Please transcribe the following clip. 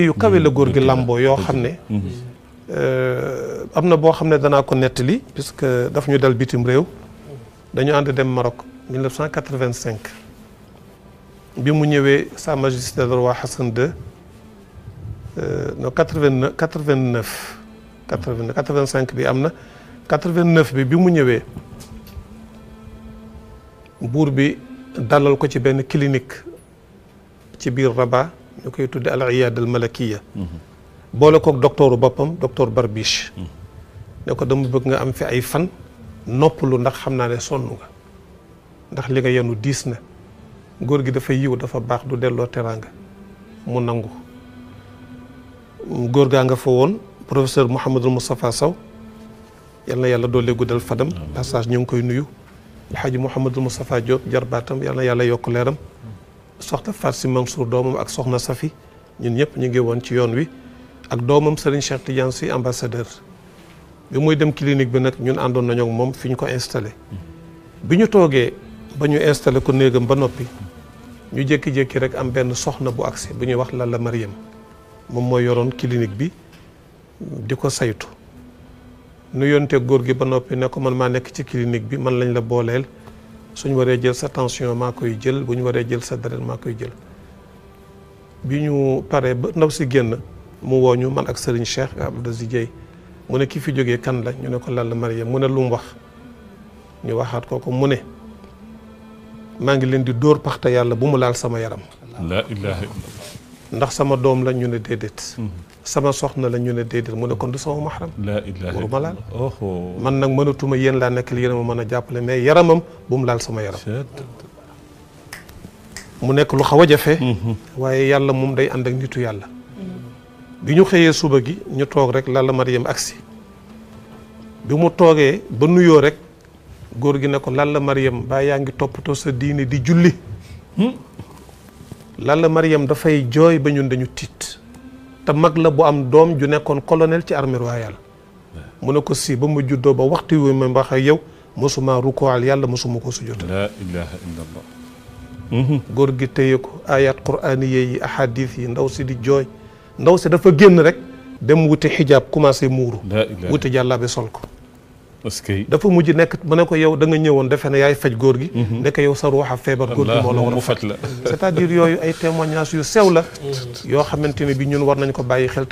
yitte yu kawe la góor gi làmboo yoo xam ne mhm. euh, am na boo xam ne danaa ko nettali puisque daf ñu dal bitim réew dañu ànd dem Maroc 1985 bi mu ñëwee sa majesté le roi Hassan II euh, non 89 89 85 bi am na 89 bi bi mu ñëwee buur bi dalal ko ci benn clinique ci biir Rabat ñu koy tudde al iyaada al malakiya boole kook doktooru boppam docteur Barbiche ne ko dama bëgg nga am fi ay fan noppalu ndax xam naa ne sonn nga ndax li nga yenu diis na góor gi dafa yiw dafa baax du delloo teraanga mu nangu góor gaa nga fa woon professeur Mouhamadul Moustapha Sow yal na yàlla doole guddal fadam passage ñu ngi koy nuyu El Hadj Mouhamadul Moustapha Diop jarbaatam yal na yàlla yokk leeram soxna Fatou Sy Mansour doomam ak soxna Safi ñun ñëpp ñu ngi woon ci yoon wi ak doomam seriñ Cheikh Tidiane Sy ambassadeur bi muy dem clinique bi nag ñun àndoon nañoo ak moom fi ñu ko installé mm-hmm. bi ñu toogee ba ñu installé ko néegam ba noppi ñu jékki-jékki rek am benn soxna bu agsi bu ñuy wax Lalla Mariam moom mooy yoroon clinique bi di ko saytu nu yonte góor gi ba noppi ne ko man maa nekk ci clinique bi man lañ la booleel suñ waree jël sa tension maa koy jël bu ñu waree jël sa deret maa koy jël bi ñu paree ba ndaw si génn mu woo ñu man ak Serigne Cheikh Abdou Aziz Dieye mu ne kii fi jógee kan la ñu ne ko Lalla Maria mu ne lu mu wax ñu waxaat kooku mu ne maa ngi leen di dóor paxta yàlla bu mu laal sama yaram. la ndax sama doom la ñu ne déedéet. Mhm. sama soxna la ñu ne déedéet mu ne kon du sama mahram. la ma laal man nag mënatuma yéen laa nekkal yéen a ma mën a jàppale mais yaramam bu mu laal sama yaram. mu nekk lu xaw a jafe. Mhm. waaye yàlla moom day ànd ak nitu yàlla. bi ñu xëyee suba gi ñu toog rek lalla Mariam agsi bi mu toogee ba nuyoo rek góor gi ne ko lalla Mariam baa yaa ngi toppatoo sa diine di julli. Hmm? Lalla mariyam dafay jooy ba ñun dañu tiit te mag la bu am doom ju nekkoon colonel ci armée royale mu ne ko sii ba mu juddoo ba waxtu wi ma wax ak yow mosuma rukoal yàlla mosuma ko sujjóot la ilaha illallah mhm. góor gi téye ko ayaat quraaniye yi ahadis yi ndaw si di jooy ndaw si dafa génn rek dem wuti xijaab commencé muuru wuti jàllaabe sol ko dafa mujj nekk mu ne ko yow da nga ñëwoon defe ne yaay faj góor gi mhm. nekk yow sa ruuxa feebar góor gi moo a faj la cest yooyu ay témoignages yu sew la yoo xamante bi ñun war nañ ko bàyyi xel